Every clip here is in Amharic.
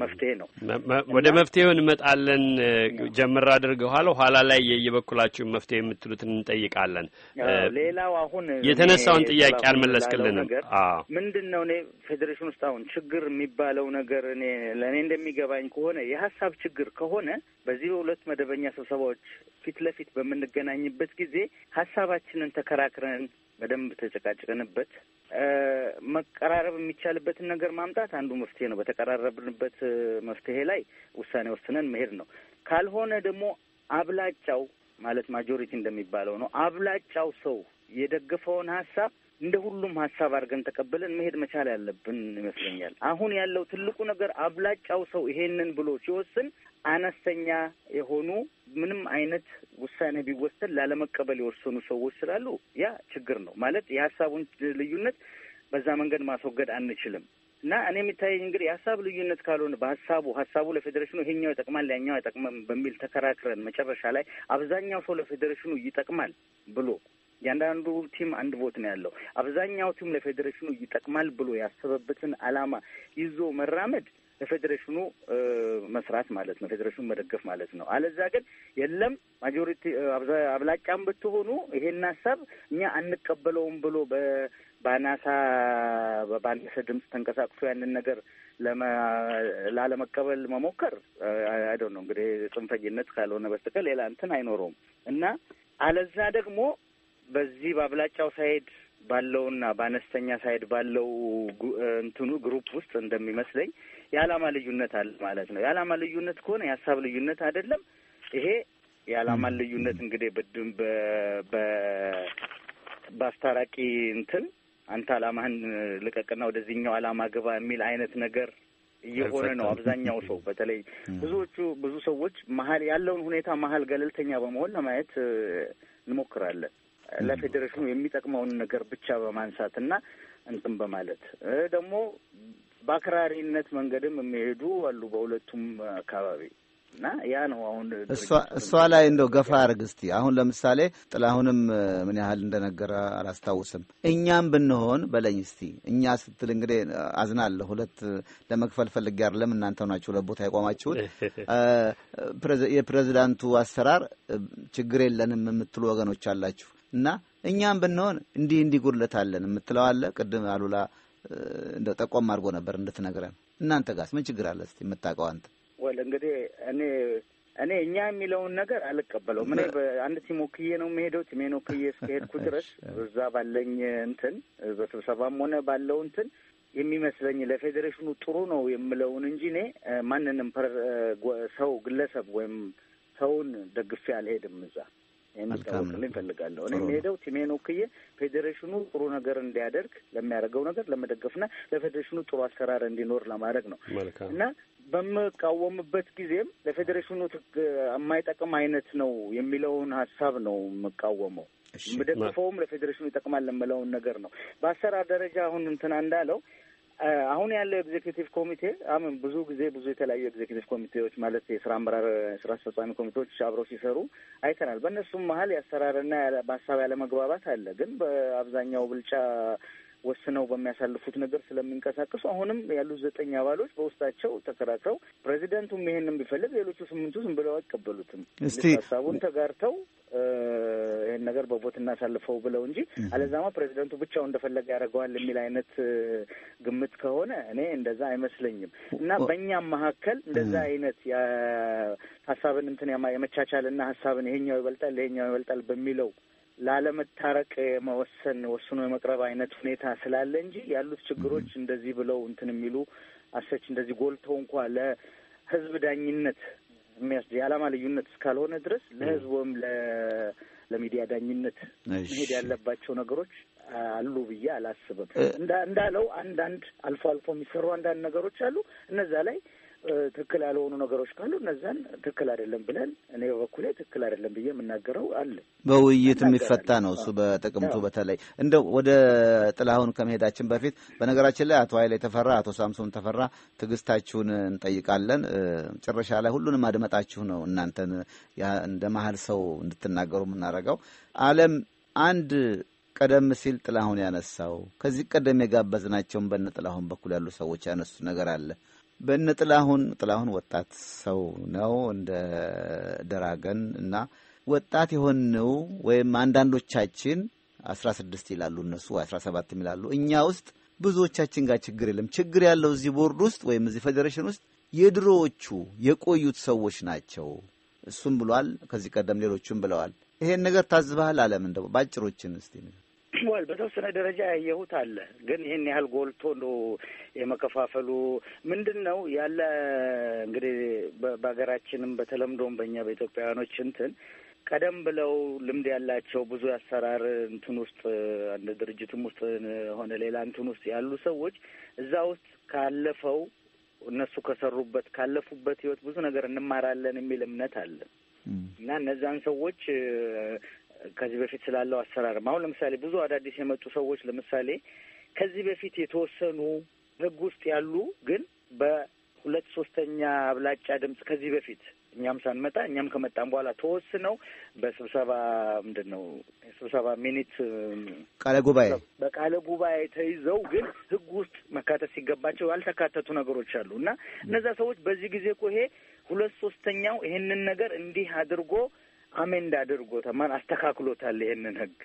መፍትሄ ነው። ወደ መፍትሄው እንመጣለን። ጀምር አድርገኋል። ኋላ ላይ የየበኩላችሁን መፍትሄ የምትሉትን እንጠይቃለን። ሌላው አሁን የተነሳውን ጥያቄ አልመለስክልንም። ምንድን ነው እኔ ፌዴሬሽን ውስጥ አሁን ችግር የሚባለው ነገር እኔ ለእኔ እንደሚገባኝ ከሆነ የሀሳብ ችግር ከሆነ በዚህ በሁለት መደበኛ ስብሰባዎች ፊት ለፊት በምንገናኝበት ጊዜ ሀሳባችንን ተከራክረን በደንብ ተጨቃጭቀንበት መቀራረብ የሚቻልበትን ነገር ማምጣት አንዱ መፍትሄ ነው። በተቀራረብንበት መፍትሄ ላይ ውሳኔ ወስነን መሄድ ነው። ካልሆነ ደግሞ አብላጫው ማለት ማጆሪቲ እንደሚባለው ነው። አብላጫው ሰው የደገፈውን ሀሳብ እንደ ሁሉም ሀሳብ አድርገን ተቀብለን መሄድ መቻል ያለብን ይመስለኛል። አሁን ያለው ትልቁ ነገር አብላጫው ሰው ይሄንን ብሎ ሲወስን አነስተኛ የሆኑ ምንም አይነት ውሳኔ ቢወሰን ላለመቀበል የወሰኑ ሰዎች ስላሉ ያ ችግር ነው ማለት የሀሳቡን ልዩነት በዛ መንገድ ማስወገድ አንችልም። እና እኔ የሚታየኝ እንግዲህ የሀሳብ ልዩነት ካልሆነ በሀሳቡ ሀሳቡ ለፌዴሬሽኑ ይሄኛው ይጠቅማል ያኛው አይጠቅምም በሚል ተከራክረን መጨረሻ ላይ አብዛኛው ሰው ለፌዴሬሽኑ ይጠቅማል ብሎ እያንዳንዱ ቲም አንድ ቮት ነው ያለው። አብዛኛው ቲም ለፌዴሬሽኑ ይጠቅማል ብሎ ያሰበበትን አላማ ይዞ መራመድ ለፌዴሬሽኑ መስራት ማለት ነው፣ ፌዴሬሽኑ መደገፍ ማለት ነው። አለዛ ግን የለም ማጆሪቲ አብላጫም ብትሆኑ ይሄን ሀሳብ እኛ አንቀበለውም ብሎ በአናሳ በአነሰ ድምፅ ተንቀሳቅሶ ያንን ነገር ላለመቀበል መሞከር አይደ ነው እንግዲህ ጽንፈኝነት ካልሆነ በስተቀር ሌላ እንትን አይኖረውም እና አለዛ ደግሞ በዚህ በአብላጫው ሳይድ ባለውና በአነስተኛ ሳይድ ባለው እንትኑ ግሩፕ ውስጥ እንደሚመስለኝ የዓላማ ልዩነት አለ ማለት ነው። የዓላማ ልዩነት ከሆነ የሀሳብ ልዩነት አይደለም። ይሄ የዓላማ ልዩነት እንግዲህ ብድም በአስታራቂ እንትን አንተ ዓላማህን ልቀቅና ወደዚህኛው ዓላማ ግባ የሚል አይነት ነገር እየሆነ ነው። አብዛኛው ሰው በተለይ ብዙዎቹ ብዙ ሰዎች መሀል ያለውን ሁኔታ መሀል ገለልተኛ በመሆን ለማየት እንሞክራለን። ለፌዴሬሽኑ የሚጠቅመውን ነገር ብቻ በማንሳት እና እንትን በማለት ደግሞ በአክራሪነት መንገድም የሚሄዱ አሉ በሁለቱም አካባቢ እና ያ ነው አሁን እሷ ላይ እንደው ገፋ አድርግ እስቲ። አሁን ለምሳሌ ጥላሁንም ምን ያህል እንደነገረ አላስታውስም። እኛም ብንሆን በለኝ እስቲ። እኛ ስትል እንግዲህ አዝናለሁ። ሁለት ለመክፈል ፈልጌ አይደለም። እናንተ ናችሁ ሁለት ቦታ የቆማችሁት። የፕሬዚዳንቱ አሰራር ችግር የለንም የምትሉ ወገኖች አላችሁ። እና እኛም ብንሆን እንዲህ እንዲህ ጉድለት አለን የምትለው አለ። ቅድም አሉላ እንደው ጠቆም አድርጎ ነበር እንድትነግረን። እናንተ ጋስ ምን ችግር አለ እስኪ የምታውቀው አንተ? ወል እንግዲህ እኔ እኔ እኛ የሚለውን ነገር አልቀበለውም። ምን አንድ ቲም ወክዬ ነው የምሄደው። ቲሜን ወክዬ እስከሄድኩ ድረስ እዛ ባለኝ እንትን በስብሰባም ሆነ ባለው እንትን የሚመስለኝ ለፌዴሬሽኑ ጥሩ ነው የምለውን እንጂ እኔ ማንንም ሰው ግለሰብ ወይም ሰውን ደግፌ አልሄድም እዛ እንዲታወቅልኝ ይፈልጋለሁ። እኔ የምሄደው ቲሜን ወክዬ ፌዴሬሽኑ ጥሩ ነገር እንዲያደርግ ለሚያደርገው ነገር ለመደገፍና ለፌዴሬሽኑ ጥሩ አሰራር እንዲኖር ለማድረግ ነው እና በምቃወምበት ጊዜም ለፌዴሬሽኑ የማይጠቅም አይነት ነው የሚለውን ሀሳብ ነው የምቃወመው። የምደግፈውም ለፌዴሬሽኑ ይጠቅማል ለምለውን ነገር ነው። በአሰራር ደረጃ አሁን እንትና እንዳለው አሁን ያለው ኤግዜኪቲቭ ኮሚቴ አሁን ብዙ ጊዜ ብዙ የተለያዩ ኤግዜኪቲቭ ኮሚቴዎች ማለት የስራ አመራር ስራ አስፈጻሚ ኮሚቴዎች አብረው ሲሰሩ አይተናል። በእነሱም መሀል የአሰራርና በሀሳብ ያለመግባባት አለ። ግን በአብዛኛው ብልጫ ወስነው በሚያሳልፉት ነገር ስለሚንቀሳቀሱ አሁንም ያሉት ዘጠኝ አባሎች በውስጣቸው ተከራክረው ፕሬዚደንቱም ይሄንን ቢፈልግ ሌሎቹ ስምንቱ ዝም ብለው አይቀበሉትም። እስቲ ሀሳቡን ተጋርተው ይህን ነገር በቦት እናሳልፈው ብለው እንጂ አለዛማ ፕሬዚደንቱ ብቻው እንደፈለገ ያደርገዋል የሚል አይነት ግምት ከሆነ እኔ እንደዛ አይመስለኝም። እና በእኛም መካከል እንደዛ አይነት ሀሳብን እንትን የመቻቻል እና ሀሳብን ይሄኛው ይበልጣል ይሄኛው ይበልጣል በሚለው ላለመታረቅ መወሰን ወስኖ የመቅረብ አይነት ሁኔታ ስላለ እንጂ ያሉት ችግሮች እንደዚህ ብለው እንትን የሚሉ አሰች እንደዚህ ጎልተው እንኳ ለህዝብ ዳኝነት የሚያስ የዓላማ ልዩነት እስካልሆነ ድረስ ለህዝብ ወይም ለሚዲያ ዳኝነት መሄድ ያለባቸው ነገሮች አሉ ብዬ አላስብም። እንዳለው አንዳንድ አልፎ አልፎ የሚሰሩ አንዳንድ ነገሮች አሉ። እነዛ ላይ ትክክል ያልሆኑ ነገሮች ካሉ እነዛን ትክክል አይደለም ብለን እኔ በበኩሌ ትክክል አይደለም ብዬ የምናገረው አለ። በውይይት የሚፈታ ነው እሱ። በጥቅምቱ በተለይ እንደው ወደ ጥላሁን ከመሄዳችን በፊት በነገራችን ላይ አቶ ኃይሌ ተፈራ፣ አቶ ሳምሶን ተፈራ ትዕግስታችሁን እንጠይቃለን። መጨረሻ ላይ ሁሉንም አድመጣችሁ ነው እናንተን እንደ መሀል ሰው እንድትናገሩ የምናደርገው። አለም አንድ ቀደም ሲል ጥላሁን ያነሳው ከዚህ ቀደም የጋበዝናቸውን በነ ጥላሁን በኩል ያሉ ሰዎች ያነሱት ነገር አለ በእነ ጥላሁን ጥላሁን ወጣት ሰው ነው እንደ ደራገን እና ወጣት የሆንነው ወይም አንዳንዶቻችን አስራ ስድስት ይላሉ እነሱ አስራ ሰባት ይላሉ። እኛ ውስጥ ብዙዎቻችን ጋር ችግር የለም። ችግር ያለው እዚህ ቦርድ ውስጥ ወይም እዚህ ፌዴሬሽን ውስጥ የድሮዎቹ የቆዩት ሰዎች ናቸው። እሱም ብሏል። ከዚህ ቀደም ሌሎቹም ብለዋል። ይሄን ነገር ታዝበሃል አለም እንደው ባጭሮችን እስቲ ወል በተወሰነ ደረጃ ያየሁት አለ። ግን ይህን ያህል ጎልቶ እንደ የመከፋፈሉ ምንድን ነው ያለ እንግዲህ በሀገራችንም በተለምዶም በእኛ በኢትዮጵያውያኖች እንትን ቀደም ብለው ልምድ ያላቸው ብዙ የአሰራር እንትን ውስጥ አንድ ድርጅትም ውስጥ ሆነ ሌላ እንትን ውስጥ ያሉ ሰዎች እዛ ውስጥ ካለፈው እነሱ ከሰሩበት ካለፉበት ህይወት ብዙ ነገር እንማራለን የሚል እምነት አለ እና እነዛን ሰዎች ከዚህ በፊት ስላለው አሰራርም አሁን ለምሳሌ ብዙ አዳዲስ የመጡ ሰዎች ለምሳሌ ከዚህ በፊት የተወሰኑ ህግ ውስጥ ያሉ ግን በሁለት ሶስተኛ አብላጫ ድምፅ ከዚህ በፊት እኛም ሳንመጣ እኛም ከመጣም በኋላ ተወስነው በስብሰባ ምንድን ነው የስብሰባ ሚኒት ቃለ ጉባኤ በቃለ ጉባኤ ተይዘው ግን ህግ ውስጥ መካተት ሲገባቸው ያልተካተቱ ነገሮች አሉ እና እነዛ ሰዎች በዚህ ጊዜ እኮ ይሄ ሁለት ሶስተኛው ይህንን ነገር እንዲህ አድርጎ አሜንድ አድርጎታል፣ ማን አስተካክሎታል ይሄንን ህግ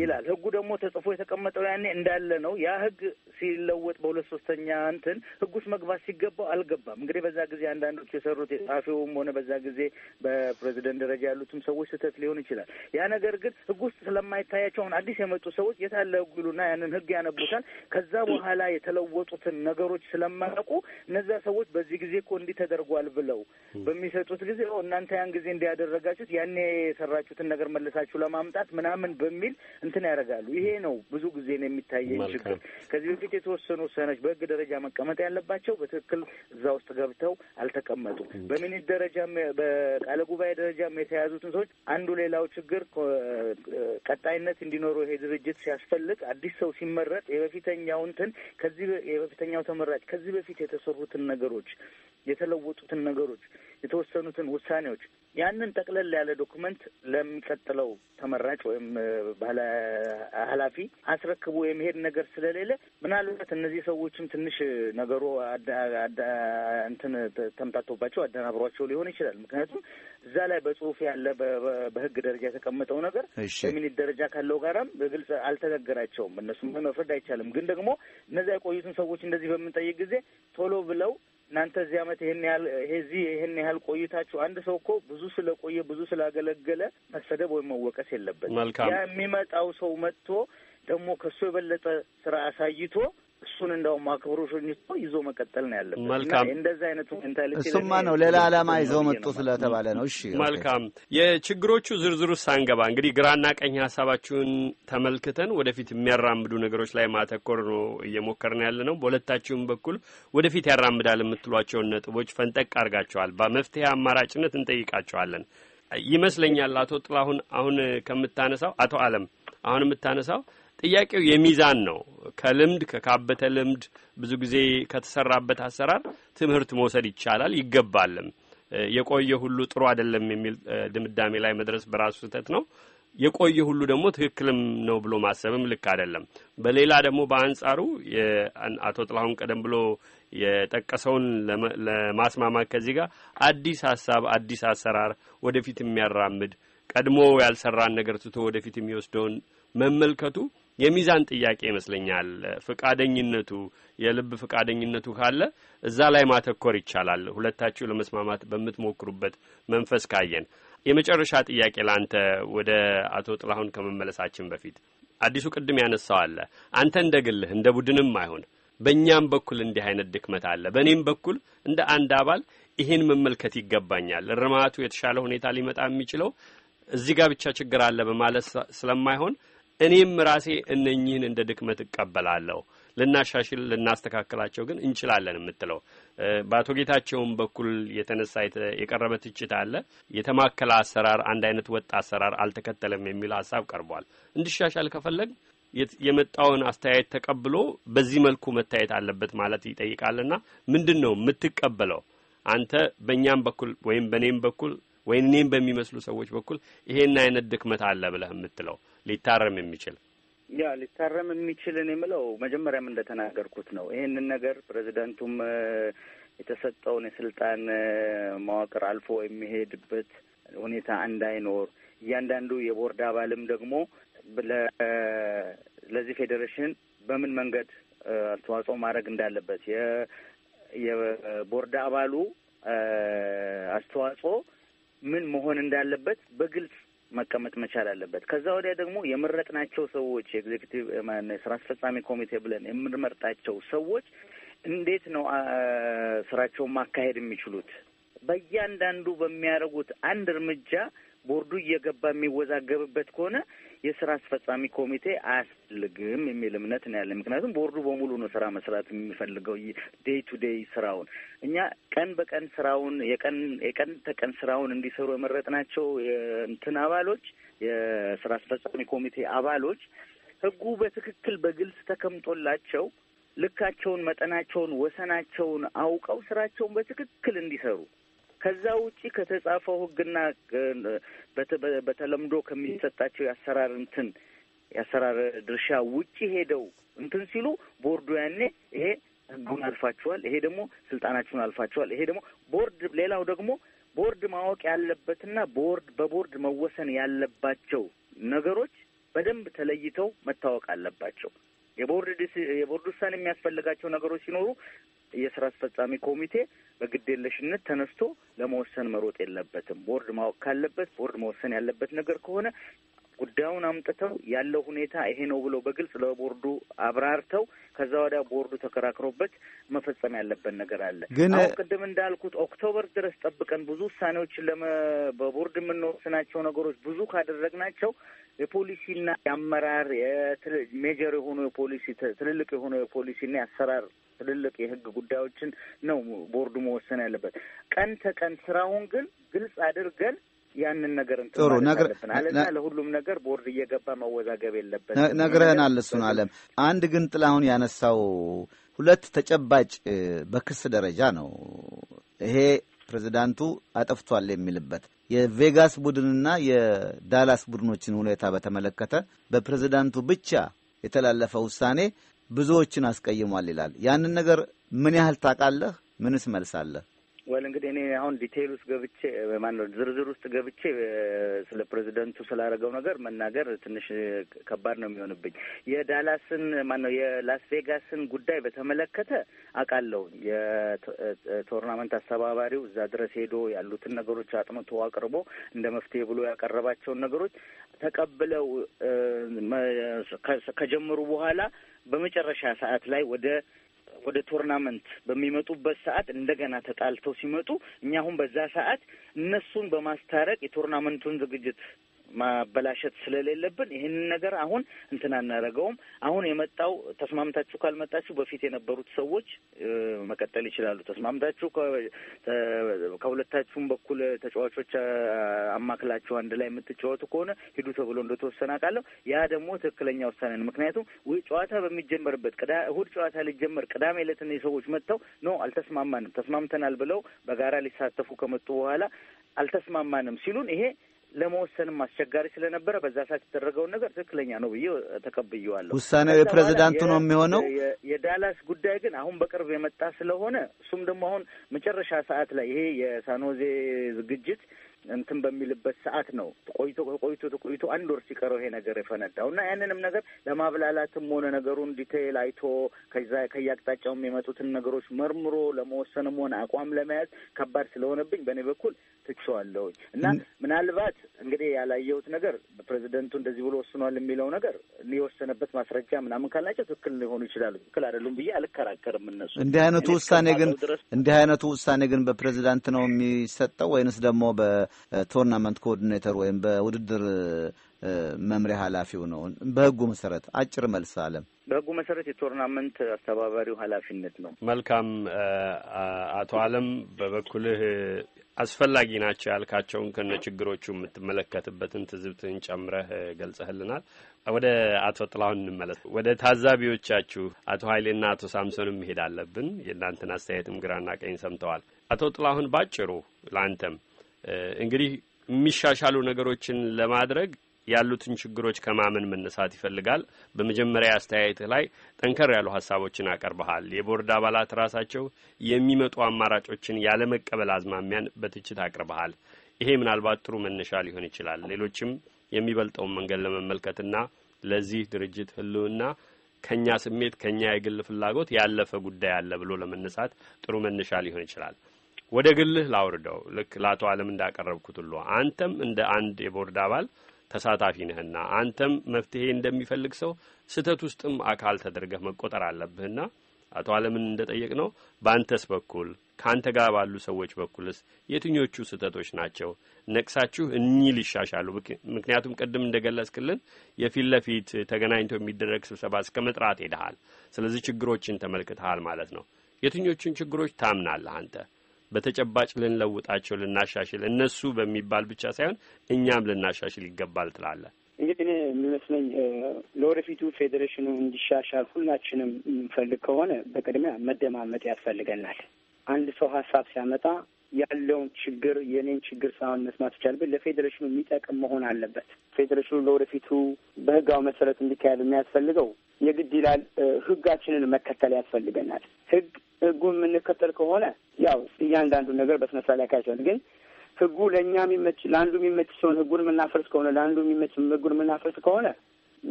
ይላል ህጉ። ደግሞ ተጽፎ የተቀመጠው ያኔ እንዳለ ነው። ያ ህግ ሲለወጥ በሁለት ሶስተኛ እንትን ህጉስ መግባት ሲገባው አልገባም። እንግዲህ በዛ ጊዜ አንዳንዶች የሰሩት የጸሐፊውም ሆነ በዛ ጊዜ በፕሬዚደንት ደረጃ ያሉትም ሰዎች ስህተት ሊሆን ይችላል። ያ ነገር ግን ህግ ውስጥ ስለማይታያቸው አሁን አዲስ የመጡ ሰዎች የታለ ህጉ ይሉና ያንን ህግ ያነቡታል። ከዛ በኋላ የተለወጡትን ነገሮች ስለማያውቁ እነዛ ሰዎች በዚህ ጊዜ እኮ እንዲህ ተደርጓል ብለው በሚሰጡት ጊዜ እናንተ ያን ጊዜ እንዲያደረጋችሁት ያኔ የሰራችሁትን ነገር መልሳችሁ ለማምጣት ምናምን በሚል እንትን ያደርጋሉ። ይሄ ነው ብዙ ጊዜ ነው የሚታየኝ ችግር። ከዚህ በፊት የተወሰኑ ውሳኔዎች በህግ ደረጃ መቀመጥ ያለባቸው በትክክል እዛ ውስጥ ገብተው አልተቀመጡ በሚኒት ደረጃ በቃለ ጉባኤ ደረጃ የተያዙትን ሰዎች አንዱ ሌላው ችግር ቀጣይነት እንዲኖረው ይሄ ድርጅት ሲያስፈልግ አዲስ ሰው ሲመረጥ የበፊተኛው እንትን ከዚህ የበፊተኛው ተመራጭ ከዚህ በፊት የተሰሩትን ነገሮች የተለወጡትን ነገሮች የተወሰኑትን ውሳኔዎች ያንን ጠቅለል ያለ ዶክመንት ለሚቀጥለው ተመራጭ ወይም ባለ ኃላፊ አስረክቦ የመሄድ ነገር ስለሌለ ምናልባት እነዚህ ሰዎችም ትንሽ ነገሩ እንትን ተምታቶባቸው አደናብሯቸው ሊሆን ይችላል። ምክንያቱም እዛ ላይ በጽሁፍ ያለ በህግ ደረጃ የተቀመጠው ነገር በሚኒት ደረጃ ካለው ጋራም በግልጽ አልተነገራቸውም። እነሱም መፍረድ አይቻልም። ግን ደግሞ እነዚያ የቆዩትን ሰዎች እንደዚህ በምንጠይቅ ጊዜ ቶሎ ብለው እናንተ እዚህ ዓመት ይህን ያህል እዚህ ይህን ያህል ቆይታችሁ አንድ ሰው እኮ ብዙ ስለቆየ ብዙ ስላገለገለ መሰደብ ወይም መወቀስ የለበት። ያ የሚመጣው ሰው መጥቶ ደግሞ ከሱ የበለጠ ስራ አሳይቶ እሱን እንደውም አክብሮ ሸኝቶ ይዞ መቀጠል ነው ያለበት። መልካም እንደዚህ አይነቱ ሜንታሊቲ እሱማ ነው ሌላ ዓላማ ይዘው መጡ ስለተባለ ነው። እሺ መልካም። የችግሮቹ ዝርዝሩ ሳንገባ እንግዲህ ግራና ቀኝ ሀሳባችሁን ተመልክተን ወደፊት የሚያራምዱ ነገሮች ላይ ማተኮር ነው እየሞከርን ያለ ነው። በሁለታችሁም በኩል ወደፊት ያራምዳል የምትሏቸውን ነጥቦች ፈንጠቅ አርጋቸዋል። በመፍትሄ አማራጭነት እንጠይቃቸዋለን ይመስለኛል። አቶ ጥላሁን አሁን ከምታነሳው አቶ አለም አሁን የምታነሳው ጥያቄው የሚዛን ነው። ከልምድ ከካበተ ልምድ ብዙ ጊዜ ከተሰራበት አሰራር ትምህርት መውሰድ ይቻላል ይገባልም። የቆየ ሁሉ ጥሩ አይደለም የሚል ድምዳሜ ላይ መድረስ በራሱ ስህተት ነው። የቆየ ሁሉ ደግሞ ትክክልም ነው ብሎ ማሰብም ልክ አይደለም። በሌላ ደግሞ በአንጻሩ አቶ ጥላሁን ቀደም ብሎ የጠቀሰውን ለማስማማት ከዚህ ጋር አዲስ ሀሳብ፣ አዲስ አሰራር ወደፊት የሚያራምድ ቀድሞ ያልሰራን ነገር ትቶ ወደፊት የሚወስደውን መመልከቱ የሚዛን ጥያቄ ይመስለኛል። ፍቃደኝነቱ የልብ ፍቃደኝነቱ ካለ እዛ ላይ ማተኮር ይቻላል። ሁለታችሁ ለመስማማት በምትሞክሩበት መንፈስ ካየን የመጨረሻ ጥያቄ ለአንተ ወደ አቶ ጥላሁን ከመመለሳችን በፊት አዲሱ ቅድም ያነሳው አለ አንተ እንደ ግልህ እንደ ቡድንም አይሆን በእኛም በኩል እንዲህ አይነት ድክመት አለ። በእኔም በኩል እንደ አንድ አባል ይህን መመልከት ይገባኛል። እርማቱ የተሻለ ሁኔታ ሊመጣ የሚችለው እዚህ ጋር ብቻ ችግር አለ በማለት ስለማይሆን እኔም ራሴ እነኚህን እንደ ድክመት እቀበላለሁ። ልናሻሽል ልናስተካክላቸው ግን እንችላለን የምትለው በአቶ ጌታቸውም በኩል የተነሳ የቀረበ ትችት አለ። የተማከለ አሰራር፣ አንድ አይነት ወጥ አሰራር አልተከተለም የሚል ሀሳብ ቀርቧል። እንዲሻሻል ከፈለግ የመጣውን አስተያየት ተቀብሎ በዚህ መልኩ መታየት አለበት ማለት ይጠይቃልና ምንድን ነው የምትቀበለው አንተ? በእኛም በኩል ወይም በእኔም በኩል ወይ እኔም በሚመስሉ ሰዎች በኩል ይሄን አይነት ድክመት አለ ብለህ የምትለው ሊታረም የሚችል ያ ሊታረም እኔ የምለው መጀመሪያም እንደተናገርኩት ነው። ይሄንን ነገር ፕሬዚደንቱም የተሰጠውን የስልጣን መዋቅር አልፎ የሚሄድበት ሁኔታ እንዳይኖር እያንዳንዱ የቦርድ አባልም ደግሞ ለዚህ ፌዴሬሽን በምን መንገድ አስተዋጽኦ ማድረግ እንዳለበት የቦርድ አባሉ አስተዋጽኦ ምን መሆን እንዳለበት በግልጽ መቀመጥ መቻል አለበት። ከዛ ወዲያ ደግሞ የመረጥናቸው ሰዎች የኤግዜክቲቭ ስራ አስፈጻሚ ኮሚቴ ብለን የምንመርጣቸው ሰዎች እንዴት ነው ስራቸውን ማካሄድ የሚችሉት? በእያንዳንዱ በሚያደርጉት አንድ እርምጃ ቦርዱ እየገባ የሚወዛገብበት ከሆነ የስራ አስፈጻሚ ኮሚቴ አያስፈልግም የሚል እምነት ነው ያለ። ምክንያቱም ቦርዱ በሙሉ ነው ስራ መስራት የሚፈልገው ዴይ ቱ ዴይ ስራውን። እኛ ቀን በቀን ስራውን የቀን የቀን ተቀን ስራውን እንዲሰሩ የመረጥናቸው እንትን አባሎች የስራ አስፈጻሚ ኮሚቴ አባሎች ህጉ በትክክል በግልጽ ተቀምጦላቸው ልካቸውን፣ መጠናቸውን፣ ወሰናቸውን አውቀው ስራቸውን በትክክል እንዲሰሩ ከዛ ውጪ ከተጻፈው ህግና በተለምዶ ከሚሰጣቸው የአሰራር እንትን የአሰራር ድርሻ ውጪ ሄደው እንትን ሲሉ ቦርዱ ያኔ ይሄ ህጉን አልፋችኋል፣ ይሄ ደግሞ ስልጣናችሁን አልፋችኋል፣ ይሄ ደግሞ ቦርድ ሌላው ደግሞ ቦርድ ማወቅ ያለበትና ቦርድ በቦርድ መወሰን ያለባቸው ነገሮች በደንብ ተለይተው መታወቅ አለባቸው። የቦርድ የቦርድ ውሳኔ የሚያስፈልጋቸው ነገሮች ሲኖሩ የስራ አስፈጻሚ ኮሚቴ በግዴለሽነት ተነስቶ ለመወሰን መሮጥ የለበትም። ቦርድ ማወቅ ካለበት ቦርድ መወሰን ያለበት ነገር ከሆነ ጉዳዩን አምጥተው ያለው ሁኔታ ይሄ ነው ብለው በግልጽ ለቦርዱ አብራርተው ከዛ ወዲያ ቦርዱ ተከራክሮበት መፈጸም ያለበት ነገር አለ። ግን አሁን ቅድም እንዳልኩት ኦክቶበር ድረስ ጠብቀን ብዙ ውሳኔዎችን በቦርድ የምንወስናቸው ነገሮች ብዙ ካደረግናቸው የፖሊሲና የአመራር ሜጀር የሆኑ የፖሊሲ ትልልቅ የሆኑ የፖሊሲና የአሰራር ትልልቅ የህግ ጉዳዮችን ነው ቦርዱ መወሰን ያለበት። ቀን ተቀን ስራውን ግን ግልጽ አድርገን ያንን ነገር ጥሩ ነገር ለሁሉም ነገር ቦርድ እየገባ መወዛገብ የለበት። ነግረህናል። እሱን አለም አንድ ግን ጥላሁን ያነሳው ሁለት ተጨባጭ በክስ ደረጃ ነው ይሄ ፕሬዚዳንቱ አጠፍቷል የሚልበት የቬጋስ ቡድንና የዳላስ ቡድኖችን ሁኔታ በተመለከተ በፕሬዚዳንቱ ብቻ የተላለፈ ውሳኔ ብዙዎችን አስቀይሟል ይላል። ያንን ነገር ምን ያህል ታውቃለህ? ምንስ መልሳለህ? ወይ እንግዲህ እኔ አሁን ዲቴይል ውስጥ ገብቼ ማነው ዝርዝር ውስጥ ገብቼ ስለ ፕሬዚደንቱ ስላደረገው ነገር መናገር ትንሽ ከባድ ነው የሚሆንብኝ። የዳላስን ማነው የላስ ቬጋስን ጉዳይ በተመለከተ አውቃለሁ። የቶርናመንት አስተባባሪው እዛ ድረስ ሄዶ ያሉትን ነገሮች አጥንቶ አቅርቦ እንደ መፍትሄ ብሎ ያቀረባቸውን ነገሮች ተቀብለው ከጀመሩ በኋላ በመጨረሻ ሰዓት ላይ ወደ ወደ ቶርናመንት በሚመጡበት ሰዓት እንደገና ተጣልተው ሲመጡ እኛ አሁን በዛ ሰዓት እነሱን በማስታረቅ የቶርናመንቱን ዝግጅት ማበላሸት ስለሌለብን ይህንን ነገር አሁን እንትን አናደርገውም። አሁን የመጣው ተስማምታችሁ ካልመጣችሁ በፊት የነበሩት ሰዎች መቀጠል ይችላሉ። ተስማምታችሁ ከሁለታችሁም በኩል ተጫዋቾች አማክላችሁ አንድ ላይ የምትጫወቱ ከሆነ ሂዱ ተብሎ እንደተወሰነ አውቃለሁ። ያ ደግሞ ትክክለኛ ውሳኔ ነው። ምክንያቱም ጨዋታ በሚጀመርበት እሁድ ጨዋታ ሊጀመር ቅዳሜ ዕለትን ሰዎች መጥተው ኖ አልተስማማንም፣ ተስማምተናል ብለው በጋራ ሊሳተፉ ከመጡ በኋላ አልተስማማንም ሲሉን ይሄ ለመወሰንም አስቸጋሪ ስለነበረ በዛ ሰዓት የተደረገውን ነገር ትክክለኛ ነው ብዬ ተቀብየዋለሁ። ውሳኔው የፕሬዚዳንቱ ነው የሚሆነው። የዳላስ ጉዳይ ግን አሁን በቅርብ የመጣ ስለሆነ እሱም ደግሞ አሁን መጨረሻ ሰዓት ላይ ይሄ የሳንሆዜ ዝግጅት እንትን በሚልበት ሰዓት ነው ቆይቶ ቆይቶ ቆይቶ አንድ ወር ሲቀረው ይሄ ነገር የፈነዳው እና ያንንም ነገር ለማብላላትም ሆነ ነገሩን ዲቴይል አይቶ ከዛ ከየአቅጣጫው የሚመጡትን ነገሮች መርምሮ ለመወሰንም ሆነ አቋም ለመያዝ ከባድ ስለሆነብኝ በእኔ በኩል ትቼዋለሁኝ እና ምናልባት እንግዲህ ያላየሁት ነገር ፕሬዚደንቱ እንደዚህ ብሎ ወስኗል የሚለው ነገር የወሰነበት ማስረጃ ምናምን ካልናቸው ትክክል ሊሆኑ ይችላሉ። ትክክል አይደሉም ብዬ አልከራከርም። እነሱ እንዲህ አይነቱ ውሳኔ ግን እንዲህ አይነቱ ውሳኔ ግን በፕሬዚዳንት ነው የሚሰጠው ወይንስ ደግሞ በቶርናመንት ኮኦርዲኔተር ወይም በውድድር መምሪያ ኃላፊው ነው። በህጉ መሰረት አጭር መልስ አለም። በህጉ መሰረት የቶርናመንት አስተባባሪው ኃላፊነት ነው። መልካም አቶ አለም በበኩልህ አስፈላጊ ናቸው ያልካቸውን ከነ ችግሮቹ የምትመለከትበትን ትዝብትን ጨምረህ ገልጸህልናል። ወደ አቶ ጥላሁን እንመለስ። ወደ ታዛቢዎቻችሁ አቶ ሀይሌና አቶ ሳምሶንም መሄድ አለብን። የእናንተን አስተያየትም ግራና ቀኝ ሰምተዋል። አቶ ጥላሁን ባጭሩ ለአንተም እንግዲህ የሚሻሻሉ ነገሮችን ለማድረግ ያሉትን ችግሮች ከማመን መነሳት ይፈልጋል። በመጀመሪያ አስተያየትህ ላይ ጠንከር ያሉ ሀሳቦችን አቀርበሃል። የቦርድ አባላት ራሳቸው የሚመጡ አማራጮችን ያለመቀበል አዝማሚያን በትችት አቅርበሃል። ይሄ ምናልባት ጥሩ መነሻ ሊሆን ይችላል። ሌሎችም የሚበልጠውን መንገድ ለመመልከትና ለዚህ ድርጅት ህልውና ከእኛ ስሜት ከእኛ የግል ፍላጎት ያለፈ ጉዳይ አለ ብሎ ለመነሳት ጥሩ መነሻ ሊሆን ይችላል። ወደ ግልህ ላውርደው። ልክ ለአቶ አለም እንዳቀረብኩት ሁሉ አንተም እንደ አንድ የቦርድ አባል ተሳታፊ ነህና አንተም መፍትሄ እንደሚፈልግ ሰው ስህተት ውስጥም አካል ተደርገህ መቆጠር አለብህና አቶ አለምን እንደጠየቅ ነው። በአንተስ በኩል ከአንተ ጋር ባሉ ሰዎች በኩልስ የትኞቹ ስህተቶች ናቸው ነቅሳችሁ እኚህ ሊሻሻሉ? ምክንያቱም ቅድም እንደገለጽክልን የፊት ለፊት ተገናኝቶ የሚደረግ ስብሰባ እስከ መጥራት ሄደሃል። ስለዚህ ችግሮችን ተመልክተሃል ማለት ነው። የትኞቹን ችግሮች ታምናለህ አንተ? በተጨባጭ ልንለውጣቸው ልናሻሽል እነሱ በሚባል ብቻ ሳይሆን እኛም ልናሻሽል ይገባል ትላለ። እንግዲህ እኔ የሚመስለኝ ለወደፊቱ ፌዴሬሽኑ እንዲሻሻል ሁላችንም የምንፈልግ ከሆነ በቅድሚያ መደማመጥ ያስፈልገናል። አንድ ሰው ሀሳብ ሲያመጣ ያለውን ችግር የእኔን ችግር ሳይሆን መስማት ይቻልብን ለፌዴሬሽኑ የሚጠቅም መሆን አለበት። ፌዴሬሽኑ ለወደፊቱ በህጋው መሰረት እንዲካሄድ የሚያስፈልገው የግድ ይላል ህጋችንን መከተል ያስፈልገናል። ህግ ህጉ የምንከተል ከሆነ ያው እያንዳንዱ ነገር በስነስርዓት ላይ ካይቻል ግን ህጉ ለእኛ የሚመች ለአንዱ የሚመች ሲሆን ህጉን የምናፈርስ ከሆነ ለአንዱ የሚመች ህጉን የምናፈርስ ከሆነ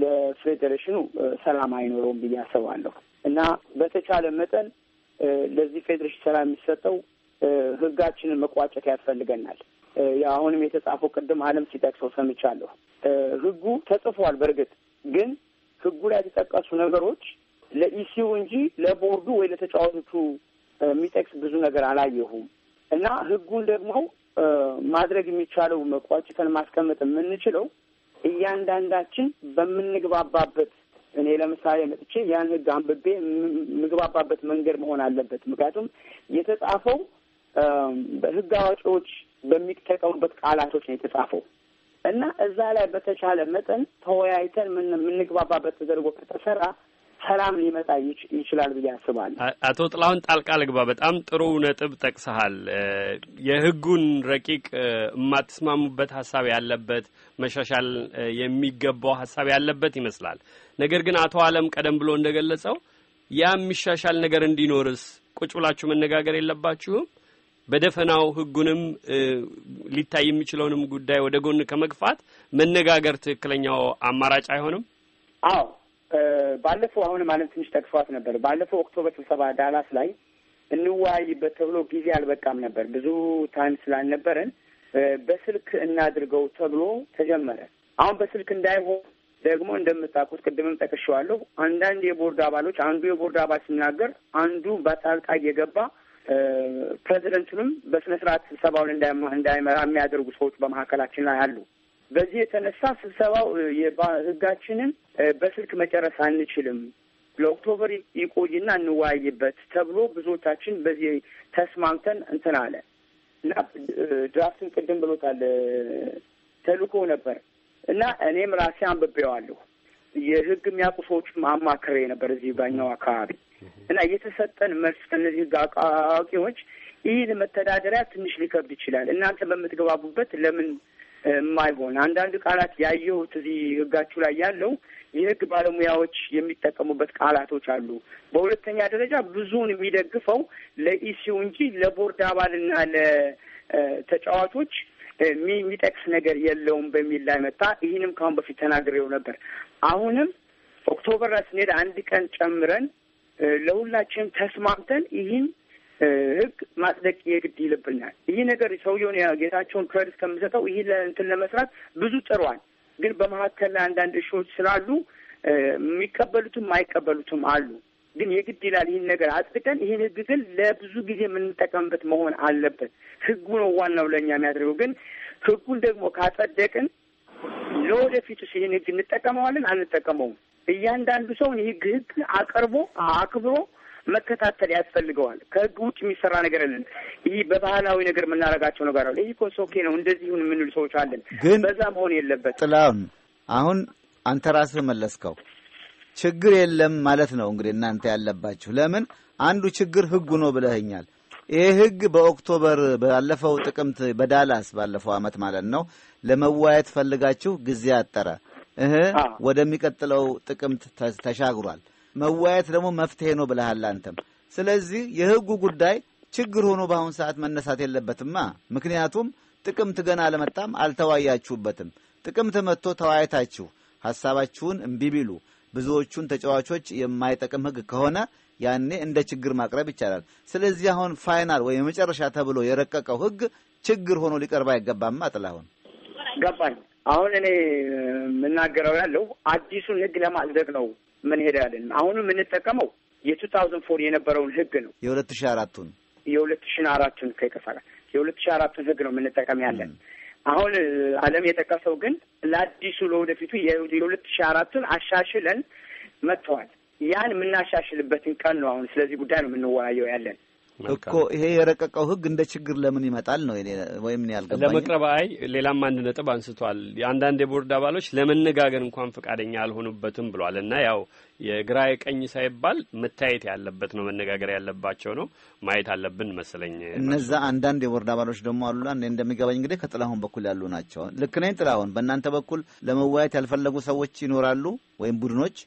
ለፌዴሬሽኑ ሰላም አይኖረውም ብዬ አስባለሁ እና በተቻለ መጠን ለዚህ ፌዴሬሽን ሰላም የሚሰጠው ህጋችንን መቋጨት ያስፈልገናል። አሁንም የተጻፈው ቅድም አለም ሲጠቅሰው ሰምቻለሁ። ህጉ ተጽፏል። በእርግጥ ግን ህጉ ላይ የተጠቀሱ ነገሮች ለኢሲዩ እንጂ ለቦርዱ ወይ ለተጫዋቾቹ የሚጠቅስ ብዙ ነገር አላየሁም እና ህጉን ደግሞ ማድረግ የሚቻለው መቋጭተን ማስቀመጥ የምንችለው እያንዳንዳችን በምንግባባበት እኔ ለምሳሌ መጥቼ ያን ህግ አንብቤ ምግባባበት መንገድ መሆን አለበት። ምክንያቱም የተጻፈው በህግ አዋቂዎች በሚጠቀሙበት ቃላቶች ነው የተጻፈው እና እዛ ላይ በተቻለ መጠን ተወያይተን ምንግባባበት ተደርጎ ከተሰራ ሰላም ሊመጣ ይችላል ብዬ አስባለሁ። አቶ ጥላሁን ጣልቃ ልግባ። በጣም ጥሩ ነጥብ ጠቅሰሃል። የህጉን ረቂቅ የማትስማሙበት ሀሳብ ያለበት መሻሻል የሚገባው ሀሳብ ያለበት ይመስላል። ነገር ግን አቶ አለም ቀደም ብሎ እንደገለጸው ያ የሚሻሻል ነገር እንዲኖርስ ቁጭ ብላችሁ መነጋገር የለባችሁም? በደፈናው ህጉንም ሊታይ የሚችለውንም ጉዳይ ወደ ጎን ከመግፋት መነጋገር ትክክለኛው አማራጭ አይሆንም? አዎ ባለፈው አሁንም ማለት ትንሽ ጠቅሷት ነበር። ባለፈው ኦክቶበር ስብሰባ ዳላስ ላይ እንወያይበት ተብሎ ጊዜ አልበቃም ነበር ብዙ ታይም ስላልነበረን በስልክ እናድርገው ተብሎ ተጀመረ። አሁን በስልክ እንዳይሆን ደግሞ እንደምታውቁት ቅድምም ጠቅሼዋለሁ። አንዳንድ የቦርድ አባሎች አንዱ የቦርድ አባል ሲናገር አንዱ በጣልቃ እየገባ ፕሬዚደንቱንም በስነ ስርዓት ስብሰባውን እንዳይመራ የሚያደርጉ ሰዎች በመካከላችን ላይ አሉ። በዚህ የተነሳ ስብሰባው ህጋችንን በስልክ መጨረስ አንችልም ለኦክቶበር ይቆይና እንወያይበት ተብሎ ብዙዎቻችን በዚህ ተስማምተን እንትን አለ እና ድራፍትን ቅድም ብሎታል ተልኮ ነበር እና እኔም ራሴ አንብቤዋለሁ። የህግ የሚያውቁ ሰዎችም አማክሬ ነበር እዚህ ባኛው አካባቢ እና የተሰጠን መልስ ከእነዚህ ህግ አዋቂዎች ይህ መተዳደሪያ ትንሽ ሊከብድ ይችላል፣ እናንተ በምትገባቡበት ለምን የማይሆን አንዳንድ ቃላት ያየሁት እዚህ ህጋችሁ ላይ ያለው የህግ ባለሙያዎች የሚጠቀሙበት ቃላቶች አሉ። በሁለተኛ ደረጃ ብዙውን የሚደግፈው ለኢሲው እንጂ ለቦርድ አባልና ለተጫዋቾች የሚጠቅስ ነገር የለውም በሚል ላይ መጣ። ይህንም ከአሁን በፊት ተናግሬው ነበር። አሁንም ኦክቶበር ላይ ስንሄድ አንድ ቀን ጨምረን ለሁላችንም ተስማምተን ይህን ህግ ማጽደቅ የግድ ይልብናል። ይህ ነገር ሰውየውን ጌታቸውን ክሬዲት ከምሰጠው ይህ እንትን ለመስራት ብዙ ጥሯል። ግን በመካከል ላይ አንዳንድ እሾች ስላሉ የሚቀበሉትም ማይቀበሉትም አሉ። ግን የግድ ይላል ይህን ነገር አጽድቀን ይህን ህግ ግን ለብዙ ጊዜ የምንጠቀምበት መሆን አለበት። ህጉ ነው ዋናው ለእኛ የሚያደርገው። ግን ህጉን ደግሞ ካጸደቅን ለወደፊቱ ይህን ህግ እንጠቀመዋለን አንጠቀመውም? እያንዳንዱ ሰው ይህ ህግ አቅርቦ አክብሮ መከታተል ያስፈልገዋል። ከህግ ውጭ የሚሰራ ነገር አለን። ይህ በባህላዊ ነገር የምናደርጋቸው ነገር አለ። ይህ ኮስ ኦኬ ነው እንደዚሁን የምንል ሰዎች አለን። ግን በዛ መሆን የለበት። ጥላሁን፣ አሁን አንተ ራስህ መለስከው ችግር የለም ማለት ነው እንግዲህ እናንተ ያለባችሁ። ለምን አንዱ ችግር ህጉ ነው ብለህኛል። ይሄ ህግ በኦክቶበር ባለፈው ጥቅምት በዳላስ ባለፈው አመት ማለት ነው ለመዋየት ፈልጋችሁ ጊዜ አጠረ እህ ወደሚቀጥለው ጥቅምት ተሻግሯል። መወያየት ደግሞ መፍትሄ ነው ብለሃል አንተም። ስለዚህ የህጉ ጉዳይ ችግር ሆኖ በአሁኑ ሰዓት መነሳት የለበትማ። ምክንያቱም ጥቅምት ገና አለመጣም፣ አልተወያያችሁበትም። ጥቅምት መጥቶ ተወያይታችሁ ሐሳባችሁን እምቢ ቢሉ ብዙዎቹን ተጫዋቾች የማይጠቅም ህግ ከሆነ ያኔ እንደ ችግር ማቅረብ ይቻላል። ስለዚህ አሁን ፋይናል ወይም የመጨረሻ ተብሎ የረቀቀው ህግ ችግር ሆኖ ሊቀርብ አይገባም። ጥላሁን ገባኝ። አሁን እኔ የምናገረው ያለው አዲሱን ህግ ለማጽደቅ ነው መንሄዳለን። አሁንም የምንጠቀመው የቱ ታውዘንድ ፎር የነበረውን ህግ ነው። የሁለት ሺ አራቱን የሁለት ሺ አራቱን ከይቅርታ ጋር የሁለት ሺ አራቱን ህግ ነው የምንጠቀም ያለን። አሁን አለም የጠቀሰው ግን ለአዲሱ ለወደፊቱ የሁለት ሺ አራቱን አሻሽለን መጥተዋል። ያን የምናሻሽልበትን ቀን ነው አሁን ስለዚህ ጉዳይ ነው የምንወያየው ያለን እኮ ይሄ የረቀቀው ህግ እንደ ችግር ለምን ይመጣል ነው ወይም ያልገባኝ። ለመቅረብ አይ ሌላም አንድ ነጥብ አንስቷል። የአንዳንድ የቦርድ አባሎች ለመነጋገር እንኳን ፈቃደኛ አልሆኑበትም ብሏል። እና ያው የግራ የቀኝ ሳይባል መታየት ያለበት ነው መነጋገር ያለባቸው ነው ማየት አለብን መሰለኝ። እነዛ አንዳንድ የቦርድ አባሎች ደግሞ አሉላ እንደሚገባኝ እንግዲህ ከጥላሁን በኩል ያሉ ናቸው። ልክ ነኝ ጥላሁን? በእናንተ በኩል ለመወያየት ያልፈለጉ ሰዎች ይኖራሉ ወይም ቡድኖች